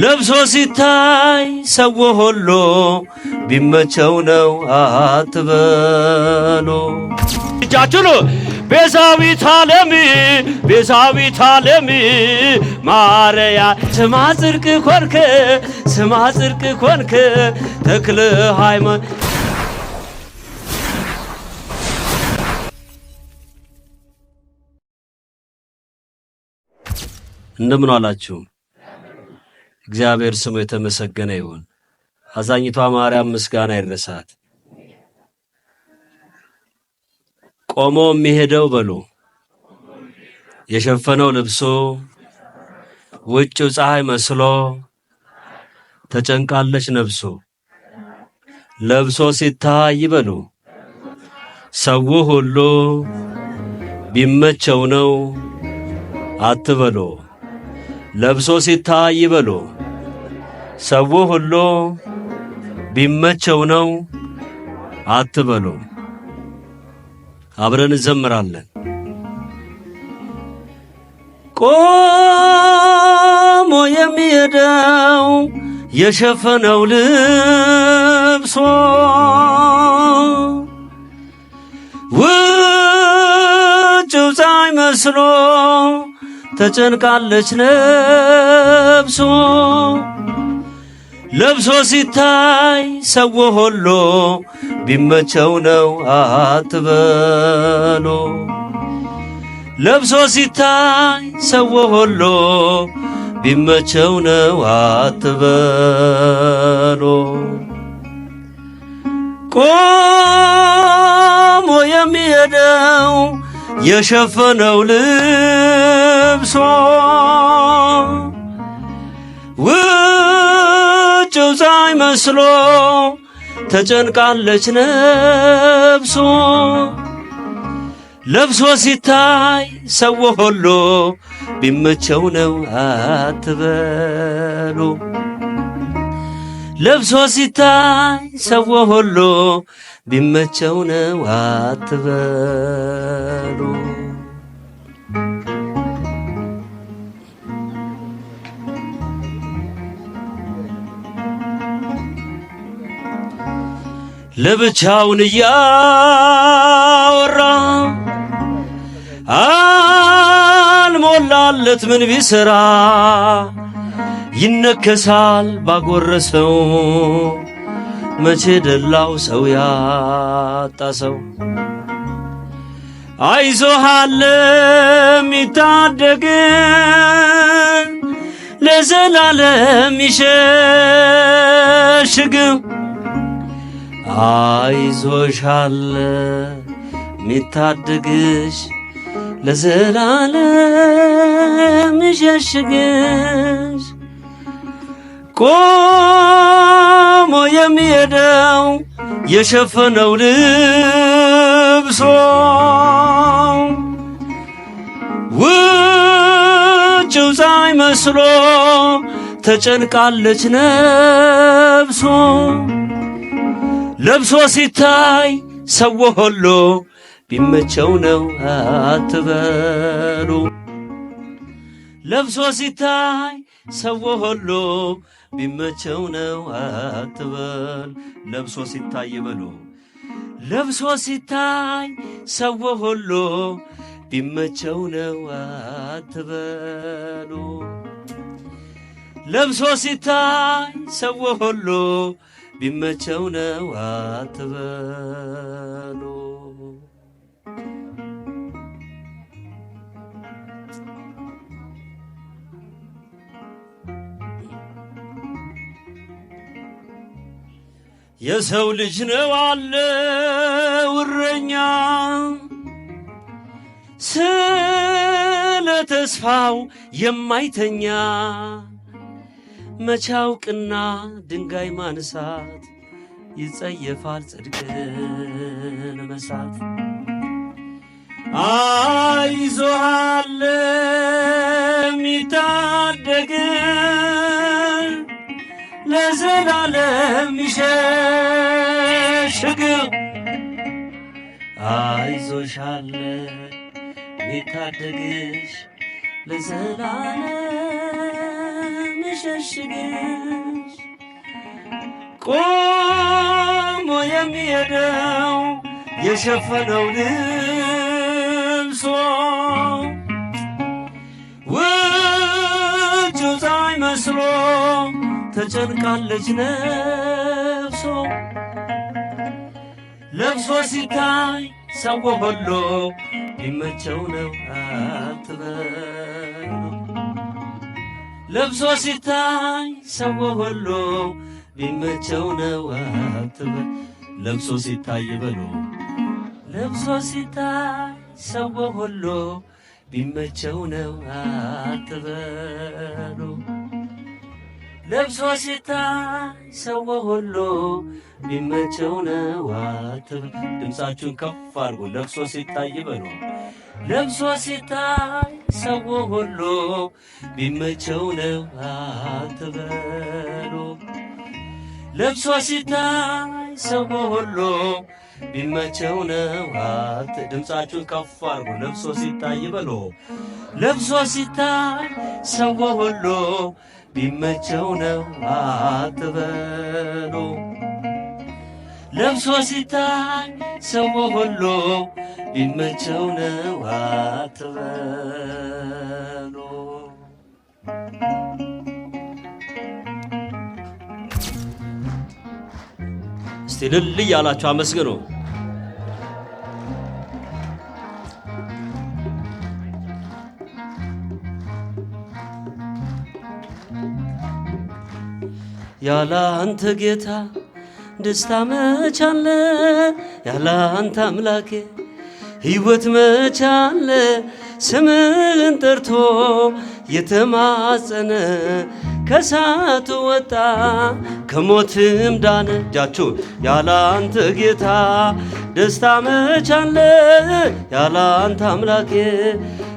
ለብሶ ሲታይ ሰው ሁሉ ቢመቸው ነው አትበሉ። እጃችን ቤዛዊት ዓለም ቤዛዊት ዓለም ማረያ ስማ ጽድቅ ኮንክ ስማ ጽድቅ ኮንክ ተክለ ሃይማ እንደምን አላችሁ? እግዚአብሔር ስሙ የተመሰገነ ይሁን። አዛኝቷ ማርያም ምስጋና ይድረሳት። ቆሞ የሚሄደው በሉ የሸፈነው ልብሱ ውጭው ፀሐይ መስሎ ተጨንቃለች ነፍሱ ለብሶ ሲታይ በሉ ሰው ሁሉ ቢመቸው ነው አትበሉ ለብሶ ሲታይ በሉ። ሰው ሁሉ ቢመቸው ነው አትበሉ። አብረን እንዘምራለን። ቆሞ የሚሄደው የሸፈነው ልብሶ ውጭው ፀሐይ መስሎ ተጨንቃለች ነብሶ ለብሶ ሲታይ ሰው ሁሉ ቢመቸው ነው አትበሉ። ለብሶ ሲታይ ሰው ሁሉ ቢመቸው ነው አትበሉ። ቆሞ የሚሄደው የሸፈነው ልብሶ መስሎ ተጨንቃለች ነብሶ ለብሶ ሲታይ ሰው ሁሉ ቢመቸው ነው አትበሉ። ለብሶ ሲታይ ሰው ሁሉ ቢመቸው ነው አትበሉ። ለብቻውን እያወራ አልሞላለት ምን ቢሰራ ይነከሳል ባጎረሰው መቼ ደላው ሰው ያጣ ሰው አይዞሃል የሚታደግን ለዘላለም ይሸሽግም አይዞሻለ ሚታድግሽ ለዘላለም ይሸሽግሽ ቆሞ የሚሄደው የሸፈነው ልብሶ ውጭው ፀሐይ መስሎ ተጨንቃለች ነብሶ ለብሶ ሲታይ ሰው ሁሉ ቢመቸው ነው አትበሉ። ለብሶ ሲታይ ሰው ሁሉ ቢመቸው ነው አትበሉ። ለብሶ ሲታይ በሉ ለብሶ ሲታይ ሰው ሁሉ ቢመቸው ነው አትበሉ። ለብሶ ሲታይ ሰው ሁሉ ቢመቸው ነው አትበሉ። የሰው ልጅ ነው አለ ውረኛ ስለ ተስፋው የማይተኛ መቻውቅና ድንጋይ ማንሳት ይጸየፋል ጽድቅን መሳት። አይዞሃል የሚታደግ ለዘላለም ይሸሽግ አይዞሻል ሚታደግሽ ለዘላለም መሸሽግሽ ቆሞ የሚሄደው የሸፈነው ልብሶ ውጩ ፀሐይ መስሎ ተጨንቃለች ነፍሶ ለብሶ ሲታይ ሰው ሆሎ ቢመቸው ነው አትበሉ ለብሶ ሲታይ ሰው ሁሉ ቢመቸው ነው አትበል፣ ለብሶ ሲታይ በሉ ለብሶ ሲታይ ሰው ሁሉ ቢመቸው ነው አትበሉ። ለብሶ ሲታይ ሰው ሁሉ ቢመቸው ነው አትበሉ። ድምፃችሁን ከፍ አድርጎ ለብሶ ሲታይ በሎ ለብሶ ሲታይ ሰው ሁሉ ቢመቸው ነው አትበሉ። ለብሶ ሲታይ ሰው ሁሉ ቢመቸው ነው ድምፃችሁን ከፍ አርጉ። ለብሶ ሲታይ በሎ ለብሶ ሲታይ ሰው ሁሉ ቢመቸው ነው አትበሉ። ለብሶ ሲታይ ሰው ሁሉ ይመቸው ነው አትበሉ። እስቲ ልል እያላችሁ አመስግኑ። ያለ አንተ ጌታ ደስታ መቻለ ያለ አንተ አምላኬ ሕይወት መቻለ ስምህን ጠርቶ የተማጸነ ከሳቱ ወጣ ከሞትም ዳነ። እጃችሁ ያላንተ ጌታ ደስታ መቻለ ያላንተ አምላኬ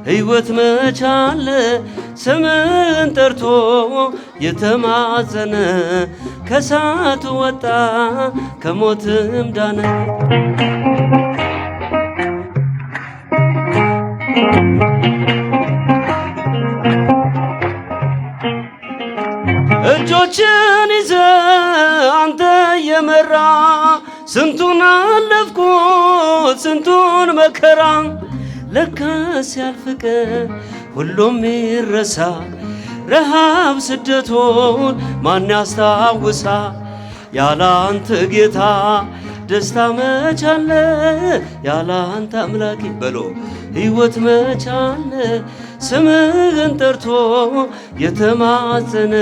ሕይወት መቻለ ስምን ጠርቶ የተማዘነ ከሳት ወጣ ከሞትም ዳነ። እጆችን ይዘ አንተ የመራ ስንቱን አለፍኩ ስንቱን መከራ ለካስ ያልፍቀ ሁሉም ይረሳ ረሃብ ስደቱን ማን ያስታውሳ ያለ አንተ ጌታ ደስታ መቻለ ያለ አንተ አምላኬ በሎ ሕይወት መቻለ ስምህን ጠርቶ የተማጸነ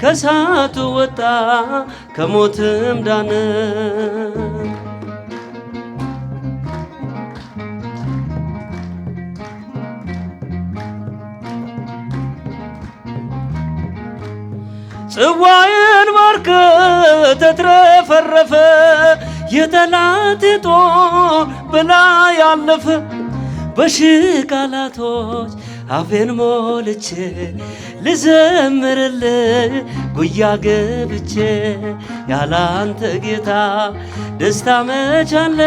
ከሳቱ ወጣ ከሞትም ዳነ። ጽዋዬን ባርከ ተትረፈረፈ የጠላት ጦር በላይ በሺ ቃላቶች አፌን ሞልቼ ልዘምርል ጉያ ገብቼ ያላንተ ጌታ ደስታ መቻለ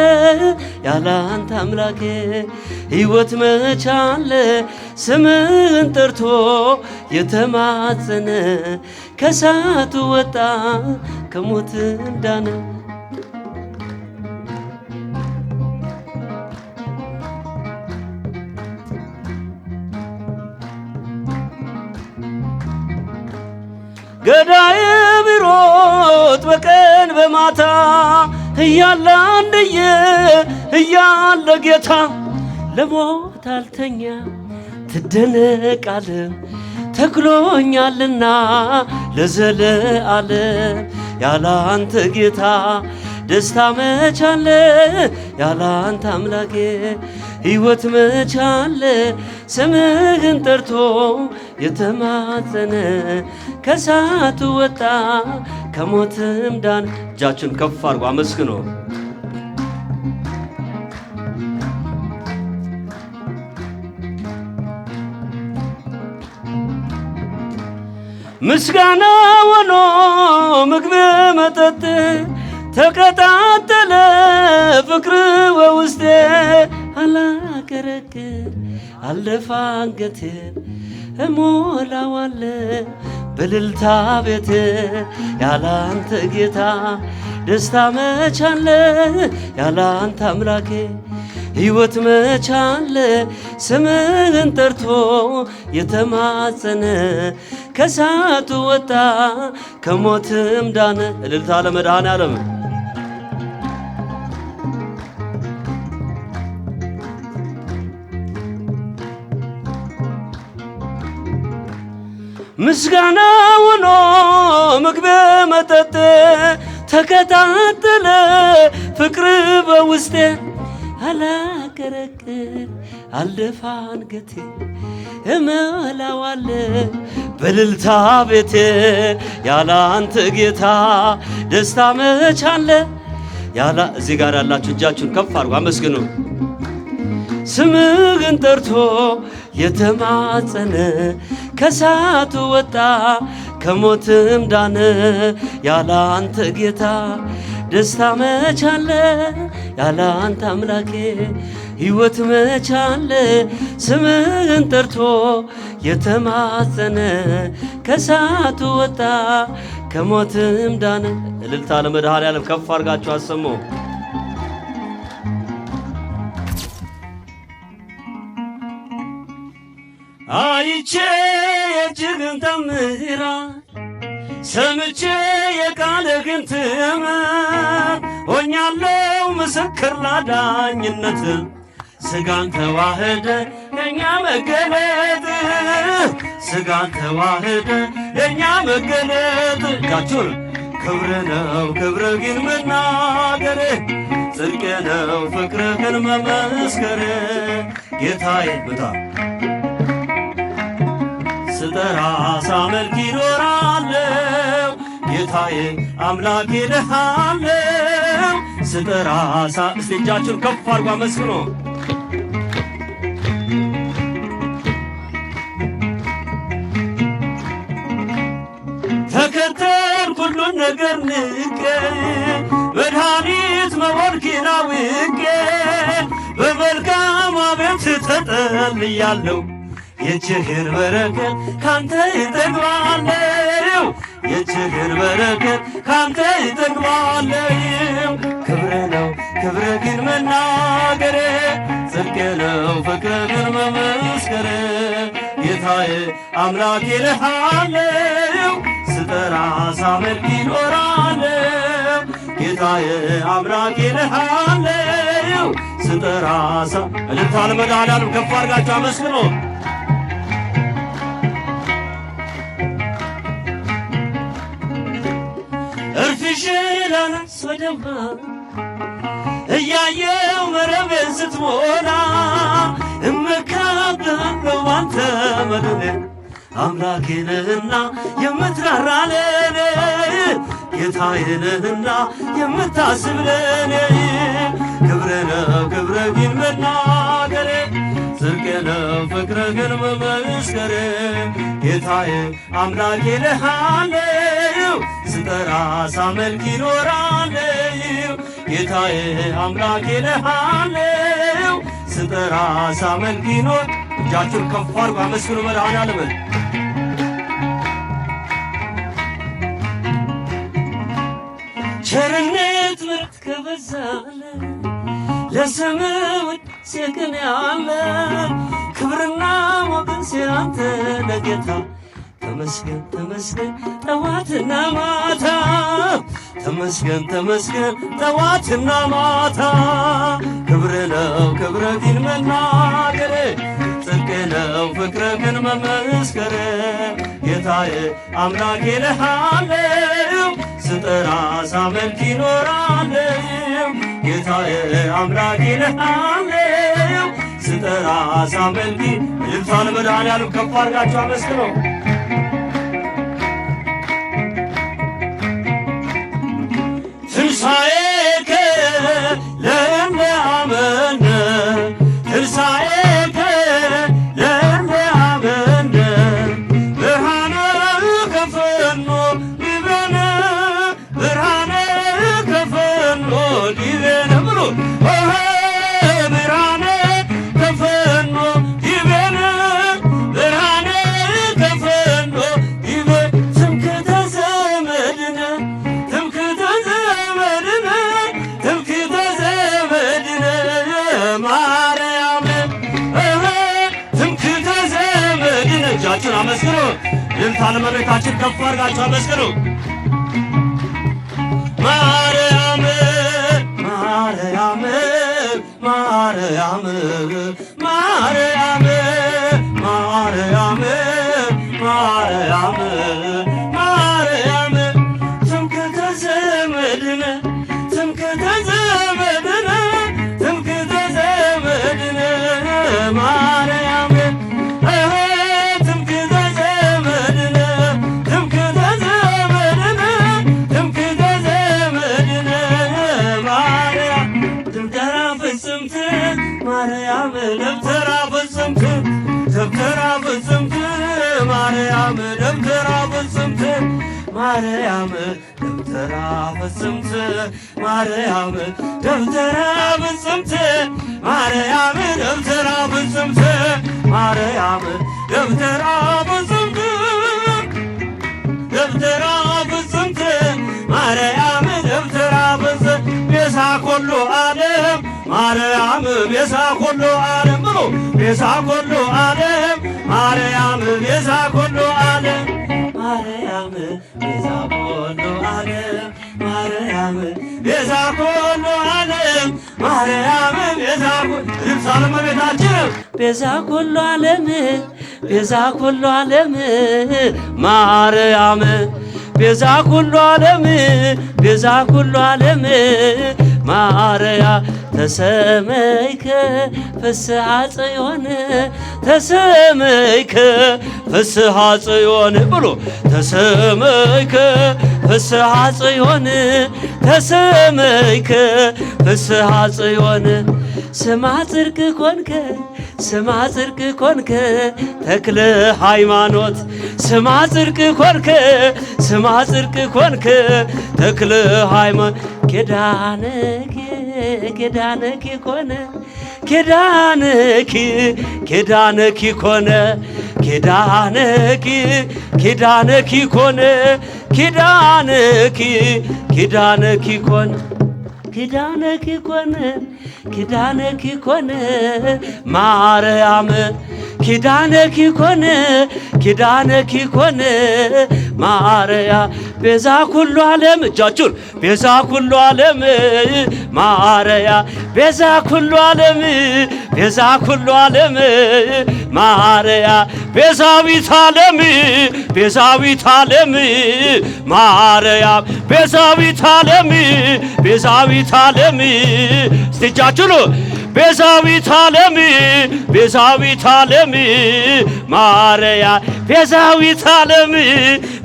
ያላንተ አምላኬ ሕይወት መቻለ ስምን ጠርቶ የተማጸነ ከሳቱ ወጣ ከሞት እንዳነ ገዳይ ቢሮት በቀን በማታ እያለ አንድዬ እያለ ጌታ ለሞት አልተኛ ትደነቃለ ተክሎኛልና ለዘለ አለ ያለ አንተ ጌታ ደስታ መቻለ ያላንተ አምላኬ ሕይወት መቻለ ስምህን ጠርቶ የተማጸነ ከሳቱ ወጣ ከሞትም ዳን። እጃችን ከፍ አርጎ አመስግኖ ምስጋና ሆኖ ምግብ መጠጥ ተቀጣጠለ ፍቅር በውስጤ አላገረግር አለፋ አንገቴን እሞላዋለ በልልታ ቤቴ ያላንተ ጌታ ደስታ መቻለ ያላንተ አምላኬ ሕይወት መቻለ ስምህን ጠርቶ የተማጸነ ከሳቱ ወጣ ከሞትም ዳነ። እልልታ ለመድኃኔ ዓለም ምስጋና ሆኖ ምግብ መጠጥ ተከታተለ ፍቅር በውስጤ አላቀረቅር አልደፋ አንገቴ እመላዋለ በልልታ ቤቴ ያላንተ ጌታ ደስታ መቻለ ያላ እዚህ ጋር ያላችሁ እጃችሁን ከፍ አድርጎ አመስግኑ። ስምህን ጠርቶ የተማጸነ ከሳቱ ወጣ ከሞትም ዳነ ያለ አንተ ጌታ ደስታ መቻለ ያለ አንተ አምላኬ ሕይወት መቻለ ስምህን ጠርቶ የተማጸነ ከሳቱ ወጣ ከሞትም ዳነ እልልታ ለመድኃኔዓለም ከፍ አድርጋችሁ አሰሙ። አይቼ የእጅህን ተአምራት ሰምቼ የቃልህን ትምህርት ሆኛለው ምስክር ላዳኝነት ስጋን ተዋህደ ለእኛ መገለጥ ስጋን ተዋህደ ለእኛ መገለጥ ቃቹር ክብር ነው ክብርህን መናገር ጽድቅ ነው ፍቅርህን መመስከር ጌታዬ በጣም በራ ሳመልክ ይኖራለው ጌታዬ አምላኬ ልሃለው ስጠራ ሳ እስቲ እጃችሁን ከፍ አድርጎ አመስግኖ ተከተል ሁሉን ነገር ንቄ መድኃኒት በመልካም አቤት የችግር በረከት ካንተ ይጠግባለው የችግር በረከት ካንተ ይጠግባለው ክብር ነው ክብር ግን መናገር ጽድቅ ነው ፍቅር ግን መመስከር ጌታዬ አምላክ ይልሃለው ስጠራ ሳመልክ ይኖራለው ጌታዬ አምላክ ይልሃለው ስጠራ ሳ ልታል መድኃኒዓለም ከፍ አድርጋችሁ አመስግኖ ወደማ እያየው መረብ ስትሞላ እመካበለው ባንተ መደለ አምላኬንህና የምትራራለን ጌታዬንህና የምታስብለን ክብረ ነው ክብረ ግን መናገሬ ጽድቅ ነው ፍቅረ ግን መመስከሬ ጌታዬ አምላኬ ልሃለው ራስ በራስ አመልክ ይኖራለው ጌታዬ አምላኬ ለሃለው ስም በራስ ይኖር እጃችሁን ከፍ አድርጉ አመስግኑ መድኃኔዓለም ቸርነት ምሕረት ከበዛለ ለስም ውዳሴ ቅን ያለ ክብርና ሞገስ ያንተ ለጌታ ተመስገን ተመስገን ጠዋትና ማታ ተመስገን ተመስገን ጠዋትና ማታ ክብር ነው ክብረ መናገር ጽድቅ ነው ፍቅረ መመስከር ጌታዬ አምላኬ ልሃለው ስጠራ ሳመልክ ይኖራለው ጌታዬ አምላኬ ልሃለው ስጠራ ሳመልክ ልብሷን መድኃኔዓለም ከፍ አድርጋችሁ አመስግነው ለቤታችን ከፍ አድርጋችሁ አመስግኑ። ደብተራ ፍጽምት ማርያም ደብተራ ፍጽምት ማርያም ደብተራ ፍጽምት ማርያም ደብተራ ፍጽምት ደብተራ ፍጽምት ማርያም ደብተራ ፍጽምት ቤዛ ኮሎ ዓለም ማርያም ቤዛ ኮሎ ዓለም ብሎ ቤዛ ኮሎ ዓለም ማርያም ቤዛ ኮሎ ዓለም ማርያም ቤዛ ኮኖ ዓለም ማርያም ቤዛ ኮኖ ዓለም ማርያም ቤዛ ልብሳ ዓለም ቤዛ ኮሎ ዓለም ማርያም ቤዛ ኮሎ ዓለም ቤዛ ኮሎ ዓለም ማረያ ተሰመይከ ፍስሐ ጽዮን ተሰመይከ ፍስሐ ጽዮን ብሎ ተሰመይከ ፍስሐ ጽዮን ተሰመይከ ፍስሐ ጽዮን ስማ ጽድቅ ኮንከ ስማ ጽድቅ ኮንከ ተክለ ሃይማኖት ስማ ጽድቅ ኮንከ ስማ ጽድቅ ኮንከ ተክለ ሃይማኖት ኬዳነኪ ኬዳነኪ ኮነ ኬዳነኪ ኬዳነኪ ኮነ ኪዳነኪ ኪዳነኪ ኮነ ኪዳነኪ ኪዳነኪ ኮነ ኪዳነኪ ኮነ ኪዳነኪ ኮነ ማርያም ኪዳነኪ ኮነ ኪዳነኪ ኮነ ማርያ ቤዛ ኩሉ ዓለም እጃችሁን ቤዛ ኩሉ ዓለም ማርያ ቤዛ ኩሉ ዓለም ቤዛ ኩሉ ዓለም ማርያ ቤዛዊት ዓለም ቤዛዊት ዓለም ማርያ ቤዛዊት ዓለም ቤዛዊት ዓለም ስትጃችሉ ቤዛዊት ዓለም ቤዛዊት ዓለም ማረያ ቤዛዊት ዓለም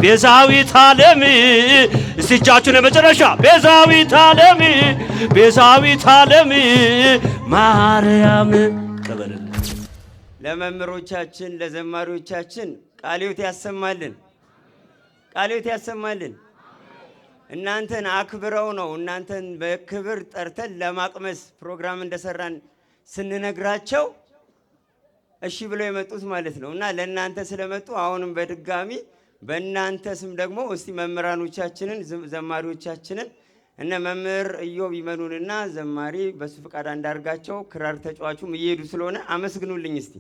ቤዛዊት ዓለም እስቲ እጃችሁን የመጨረሻ ቤዛዊት ዓለም ቤዛዊት ዓለም ማርያም ቀበልን ለመምህሮቻችን ለዘማሪዎቻችን ቃልዮት ያሰማልን ቃልዮት ያሰማልን። እናንተን አክብረው ነው እናንተን በክብር ጠርተን ለማቅመስ ፕሮግራም እንደሰራን ስንነግራቸው እሺ ብለው የመጡት ማለት ነው። እና ለእናንተ ስለመጡ አሁንም በድጋሚ በእናንተ ስም ደግሞ እስቲ መምህራኖቻችንን ዘማሪዎቻችንን እነ መምህር እዮብ ይመኑንና ዘማሪ በሱ ፍቃድ አንዳርጋቸው ክራር ተጫዋቹም እየሄዱ ስለሆነ አመስግኑልኝ እስቲ።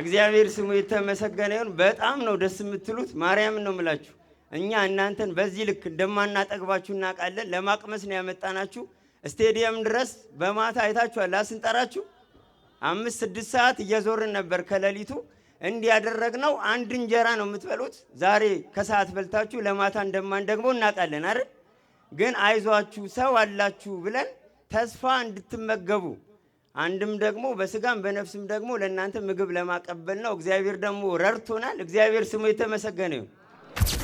እግዚአብሔር ስሙ የተመሰገነ ይሁን። በጣም ነው ደስ የምትሉት። ማርያምን ነው የምላችሁ። እኛ እናንተን በዚህ ልክ እንደማናጠግባችሁ እናውቃለን። ለማቅመስ ነው ያመጣናችሁ። ስቴዲየም ድረስ በማታ አይታችኋል። ስንጠራችሁ አምስት ስድስት ሰዓት እየዞርን ነበር ከሌሊቱ እንዲያደረግ ነው አንድ እንጀራ ነው የምትበሉት። ዛሬ ከሰዓት በልታችሁ ለማታ እንደማን ደግሞ እናውቃለን አይደል? ግን አይዟችሁ ሰው አላችሁ ብለን ተስፋ እንድትመገቡ አንድም ደግሞ በስጋም በነፍስም ደግሞ ለእናንተ ምግብ ለማቀበል ነው። እግዚአብሔር ደግሞ ረድቶናል። እግዚአብሔር ስሙ የተመሰገነ ይሁን።